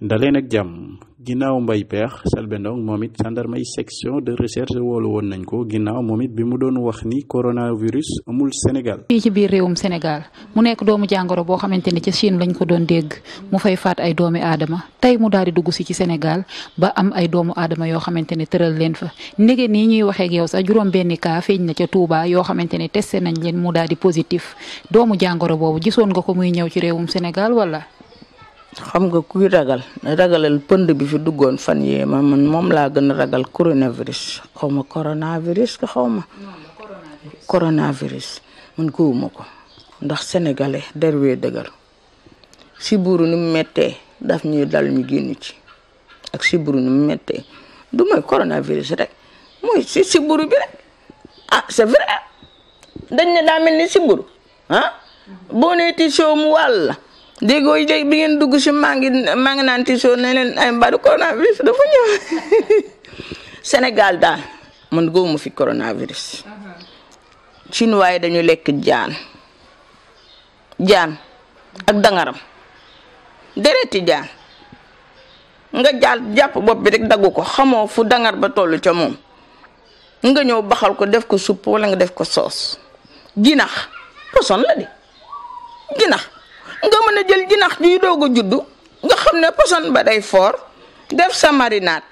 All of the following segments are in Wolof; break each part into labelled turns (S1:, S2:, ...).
S1: daleen ak jàmm ginnaaw mbay peex Selbé Ndom moom it gendarmerie section de recherche woolu woon nañ ko ginnaaw moom it bi mu doon wax ni coronavirus amul Sénégal.
S2: fii ci biir réewum Sénégal mu nekk doomu jàngoro boo xamante ne ca Chine lañ ko doon dégg mu fay faat ay doomi aadama tey mu daal di dugg si ci Sénégal ba am ay doomu aadama yoo xamante ne tëral leen fa ndege ni ñuy waxee ak sax juróom-benni cas feeñ na ca Touba yoo xamante ne testé nañ leen mu daal di positif doomu jàngoro boobu gisoon nga ko muy ñëw ci réewum Sénégal wala. xam nga kuy ragal ragalal pënd bi fi duggoon fan yee ma man moom laa gën ragal coronavirus xaw ma coronavirus ka xaw ma coronavirus man gëwuma ko ndax sénégalais derwee dëgër siburu ni mu daf ñuy dal ñu génn ci ak siburu ni mu méttee du mooy coronavirus rek mooy si siburu bi rek ah c'est vrai dañ ne daa mel ni siburu ah boo neeti soomu wàll déggoo yi bi ngeen dugg si maa ngi maa ngi naan tisoo ne leen ay mbaru coronavirus dafa ñëw Sénégal daal man góomu fi coronavirus. chinois lekk jaan jaan ak dangaram dereti jaan nga jaal bopp bi rek daggu ko xamoo fu dangar ba toll ca moom nga ñëw baxal ko def ko supp wala nga def ko soos ginax poson la di ginax nga mën a jël jinax juy doog a juddu nga xam ne poson ba day foor def sa marinade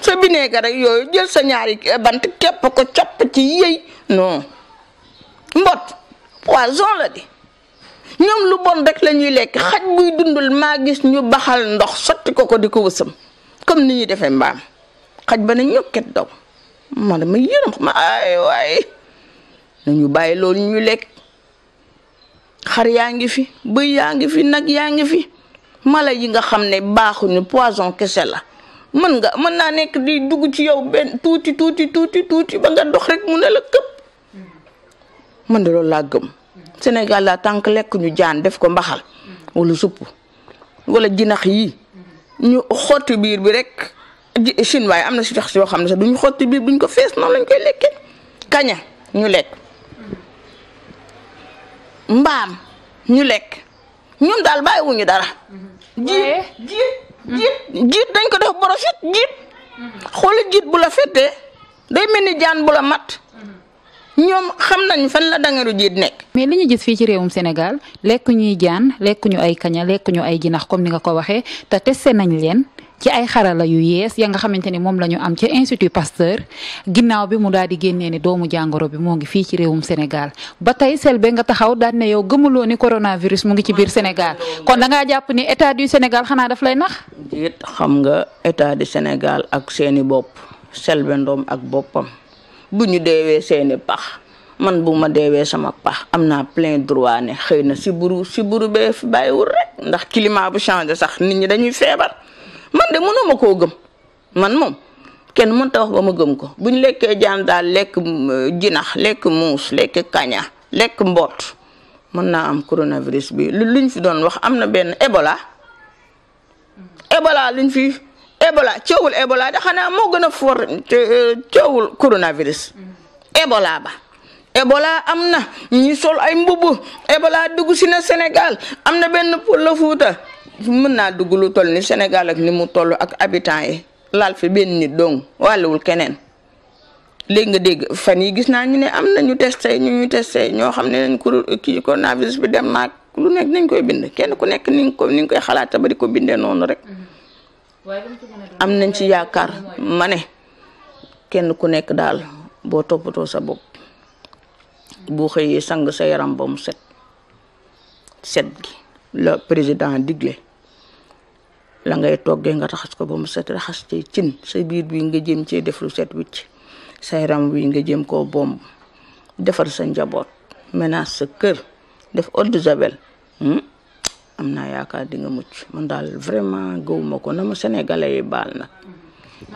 S2: sa bineegar rek yooyu jël sa ñaari bant képp ko capp ci yëy non mbot poison la di ñoom lu bon rek lañuy lekk xaj buy dundul maa gis ñu baxal ndox sotti ko ko di ko wësam comme ni ñuy defee mbaam xaj ba ne ñokket daw ma dama yërëm ma ay waaye nañu bàyyi loolu ñu lekk xar yaa ngi fi bëy yaa ngi fi nag yaa ngi fi mala yi nga xam ne baaxuñu poison kese la mën nga mën naa nekk di dugg ci yow benn tuuti tuuti tuuti tuuti ba nga dox rek mu ne la këpp man de loolu laa gëm Sénégal laa tànk lekk ñu jaan def ko mbaxal wala supp wala jinax yi ñu xotti biir bi rek Chine waaye am na si tax yoo xam ne sax duñu xotti biir buñ ko fees noonu lañ koy lekkee kaña ñu lekk mbaam ñu lekk ñun daal bàyyiwuñu dara. jiit jiit jiit jiit dañ ko def brochette jiit. xooli jiit bu la fettee day mel ni jaan bu la mat. ñoom xam nañ fan la dangaru jiit nekk. mais li ñu gis fii ci réewum senegal lekk ñuy jaan lekk ñu ay kaña lekk ñu ay jinax kom ni nga ko waxee te testé nañ leen. ci ay xarala yu yees ya nga xamante ni moom la ñu am ca institut Pasteur ginnaaw bi mu daal di génnee ne doomu jàngoro bi moo ngi fii ci réewum Sénégal ba tey Selbé nga taxaw daal yow gëmuloo ni coronavirus mu ngi ci biir Sénégal kon da jàpp ni état du Sénégal xanaa daf lay nax. jiit xam nga état du Sénégal ak seeni bopp Selbé Ndom ak boppam bu ñu deewee seeni pax man bu ma deewee sama pax am na plein droit ne xëy na si buru si buru bee fi bàyyiwul rek ndax bu changé sax nit ñi dañuy feebar. man de mënuma koo gëm man moom kenn mënta wax ba ma gëm ko buñ lekkee jaan daal lekk mm, jinax lekk muus lekk kaña lekk mboot mën naa am coronavirus bi luñ fi doon wax am na benn ébola Ebola luñ fi Ebola coowul Ebola da xanaa moo gën a for e, coowul coronavirus. Ebola ba. Ebola am na ñi sol ay mbubb Ebola dugg si na Sénégal am na benn pël la Fuuta mën naa dugg lu toll ni Sénégal ak ni mu toll ak habitants yi laal fi benn nit dong wàllewul keneen léegi nga dégg fan yi gis naa ñu ne am na ñu testé ñu ñu testé ñoo xam ne nañ ko kii coronavirus dem naag lu nekk nañ koy bind kenn ku nekk ni ko ni nga koy xalaata ba di ko bindee noonu rek am nañ ci yaakaar ma ne kenn ku nekk daal boo toppatoo sa bopp boo xëyee sang sa yaram ba mu set set gi la président digle la ngay toggee nga raxas ko ba mu set raxas ci cin sa biir bi nga jëm cee def lu set wicc sa yaram wi nga jëm koo bomb defar sa njaboot ménage sa kër def eau de hmm? am naa yaakaar di nga mucc man daal vraiment gëwuma ko na ma sénégalais baal nag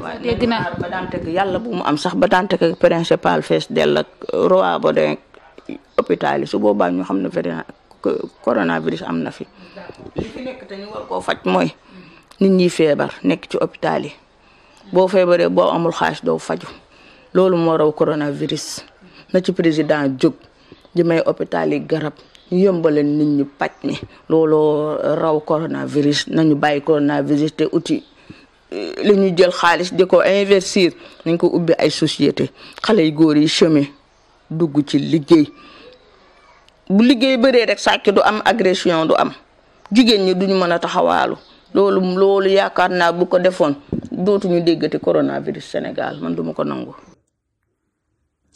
S2: waaye yàlla bu mu am sax ba daan tëgg principal fees dell ak roi ba de su boobaa ñu xam ne vétérinaire coronavirus am na fi li fi nekk nit ñi feebar nekk ci hôpital boo feebaree boo amul xaalis doo faju loolu moo raw coronavirus na ci président jóg di may hôpital yi garab yombaleen nit ñi paj mi looloo raw coronavirus ñu bàyyi coronavirus te uti eh, li ñu jël xaalis di ko investir nañ ko ubbi ay société xale yu góor yi chemin dugg ci liggéey bu liggéey bëree rek sàcc du am agression du am jigéen ñi duñu mën a taxawaalu loolu loolu yaakaar naa bu ko defoon dootuñu déggati coronavirus Sénégal man duma ko nangu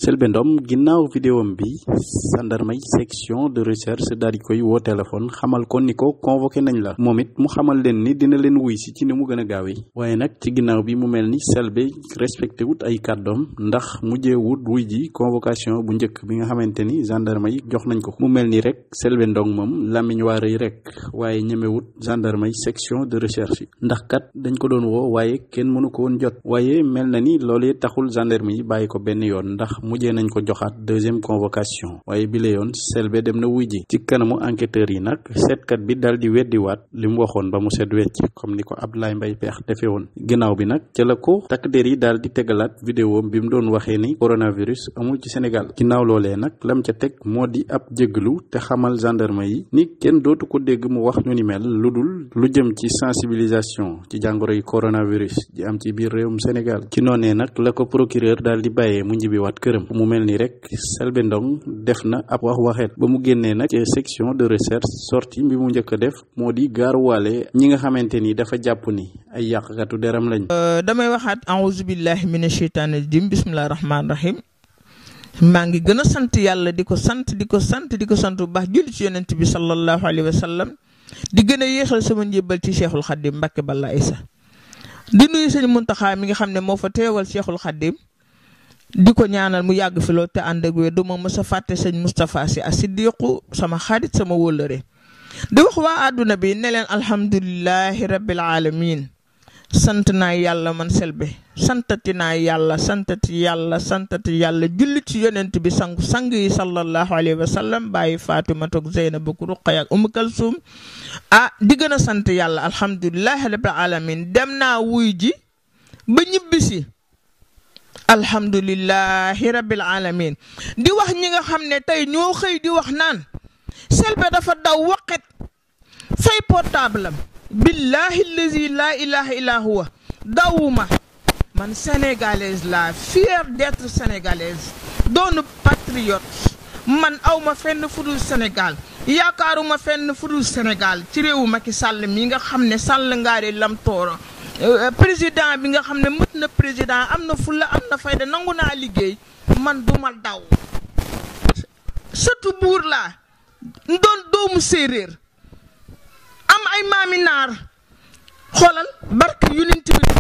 S1: Selbé Ndom ginnaaw vidéom bi sandarmay section de recherche daal di koy woo téléphone xamal ko ni ko convoqué nañ la moom it mu xamal leen ni dina leen wuy si ci ni mu gën a gaawee waaye nag ci ginnaaw bi mu mel ni Selbé respecté wut ay kàddoom ndax mujje wut wuy ji convocation bu njëkk bi nga xamante ni gendarme yi jox nañ ko mu mel ni rek Selbé Ndom moom làmmiñ waar rëy rek waaye ñemewut gendarme yi section de recherche yi ndax kat dañ ko doon woo waaye kenn mënu ko woon jot waaye mel na ni loolu taxul gendarme yi bàyyi ko benn yoon ndax mujjee nañ ko joxaat deuxième convocation waaye bi la yoon Selbé dem na wuy ji ci kanamu enquêteurs yi nag kat bi dal di weddiwaat li mu waxoon ba mu set wecc comme ni ko Abdoulaye Mbaye Peex defe woon ginnaaw bi nag ca la ko takk der yi daal di tegalaat vidéo bi mu doon waxee ni coronavirus amul ci Sénégal ginnaaw loolee nag lam ca teg moo di ab jéggalu te xamal gendarme yi ni kenn dootu ko dégg mu wax ñu ni mel lu dul lu jëm ci sensibilisation ci jàngoro yi coronavirus ji am ci biir réewum Sénégal ci noonee nag la ko gërëm mu mel ni rek Selbé Ndom def na ab wax waxet ba mu génnee nag section de recherche sortie bi mu njëkk a def moo di gaaruwaale ñi nga xamante ni dafa jàpp ni ay yàqkatu deram lañ
S2: euh, damay waxaat auzu billahi mina sheytaani rajim bismillahi rahmaani rahim maa ngi gën a sant yàlla di ko sant di ko sant di ko sant bu baax julli ci yonent bi sallallahu alayhi wa sallam di gën a yéexal sama njébbal ci cheikhul xadim Mbàkke Balla Isa di nuyu sëñ Muntaxa mi nga xam ne moo fa teewal cheikhul xadim di ko ñaanal mu yàgg fi te ànd ak wér du ma mës a fàtte sëñ Moustapha Sy asidiqu sama xarit sama wóllëre di wax waa àdduna bi ne leen alhamdulilahi rabbil alamin sant naa yàlla man Selbé santati naa yàlla santati yàlla santati yàlla julli ci yonent bi sangu sang yi sallallahu alayhi wa bàyyi Fatima toog Zeynab ak Ruqaya ak Umu ah di gën a sant yàlla alhamdulilahi rabbil alamin dem naa wuy ji ba ñibbisi alhamdulilahi rabbil alamin di wax ñi nga xam ne tey ñoo xëy di wax naan Selbé dafa daw waqet fay portable am billahi lazi laa ilaha illa man sénégalaise la fière d'être sénégalaise doonu patriote man aw fenn fudul Sénégal yaakaaruma fenn fudul Sénégal ci réewu Macky Sall mi nga xam ne Sall ngaari lam Euh, président bi nga xam ne mët na président am na fulla am na fayda nangu naa liggéey man du ma daw sëtu buur laa doon doomu séeréer am ay maami naar xoolal barke yonent bi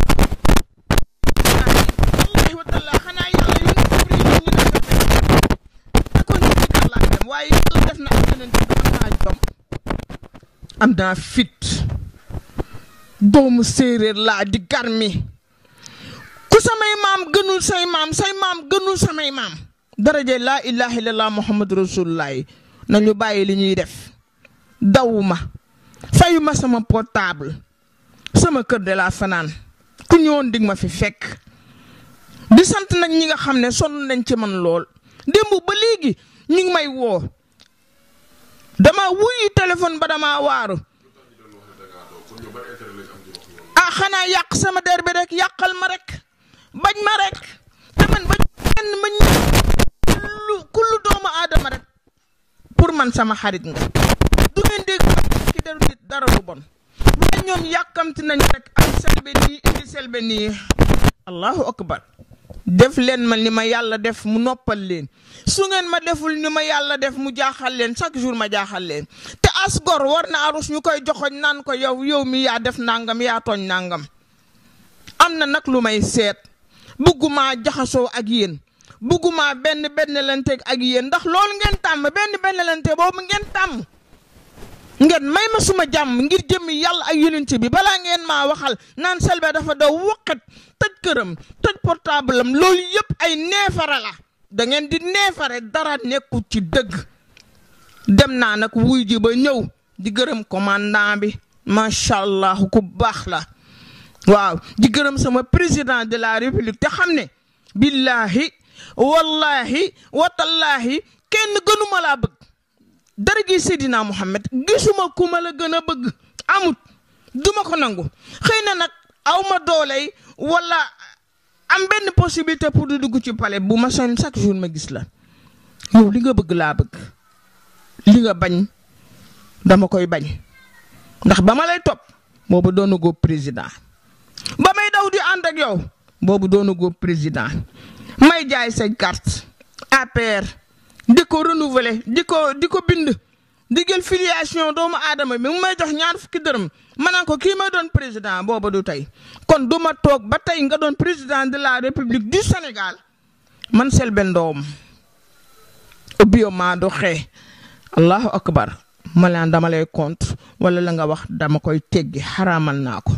S2: wallahi wa ne sa tey kon ci def na ak yonent am naa jom am naa fit doomu séeréer laa di garmi ku samay maam gënul say maam say maam gënul samay maam daraje laa ilaha illallah muhammadu rasulullah nañu bàyyi li ñuy def dawuma fayuma sama portable sama kër de laa fanaan ku ñëwoon digg ma fi fekk di sant nañ ñi nga xam ne sonn nañ ci man lool démb ba léegi ñu may woo dama wuyu téléphone ba dama waaru xanaa yàq sama der bi rek yàqal ma rekk bañ ma rek taman bañ kenn ma kullu doomu aadama rek pour man sama xarit nga du ngeen dégg ki dara lu bon waaye ñoom yàkkamti nañ rek am selbe nii indi selbe nii allahu akbar def leen ma ni ma yàlla def mu noppal leen su ngeen ma deful ni ma yàlla def mu jaaxal leen chaque jour ma jaaxal leen te asgor war na arus ñu koy joxoñ naan ko yow yow mi yaa def nangam yaa tooñ nangam am na nag lu may seet bugguma jaxasoo ak yéen bugguma benn benn lante ak yéen ndax lool ngeen tàmm benn benn lante boobu ngeen tàmm ngeen may ma suma jàmm ngir jëmmi yàlla ak yonent bi balaa ngeen maa waxal naan selbe dafa daw waqat tëj këram tëj portable am loolu yëpp ay neefare la da di neefare dara nekku ci dëgg dem naa nag wuy ji ba ñëw di gërëm commandant bi macha allah ku baax la waaw di gërëm sama président de la république te xam ne billaahi wallaahi watallaahi kenn gënuma laa bëgg dara gi Seydina Muhammad gisuma ku ma la gën a bëgg amut duma ko nangu xëy na nag awma ma walla am benn possibilité pour di dugg ci palais bu ma soññ chaque jour ma gis la yow li nga bëgg laa bëgg li nga bañ dama koy bañ ndax ba ma lay topp boobu doonagoo président ba may daw di ànd ak yow boobu doonagoo président may jaay say carte APR di ko renouveler di ko bind di jël filiation doomu aadama bi mu may jox ñaar fukki dërëm ma naan ko kii may doon président booba du tey kon du toog ba tey nga doon président de la république du Sénégal man Selbé Ndom ubbio maa du xee allahu akbar ma laan dama lay compte wala la nga wax dama koy teggi xaraamal naa ko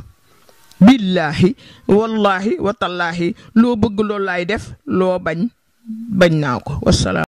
S2: billaahi wallaahi watallaahi loo bëgg loolu laay def loo bañ bañ naa ko wasalaam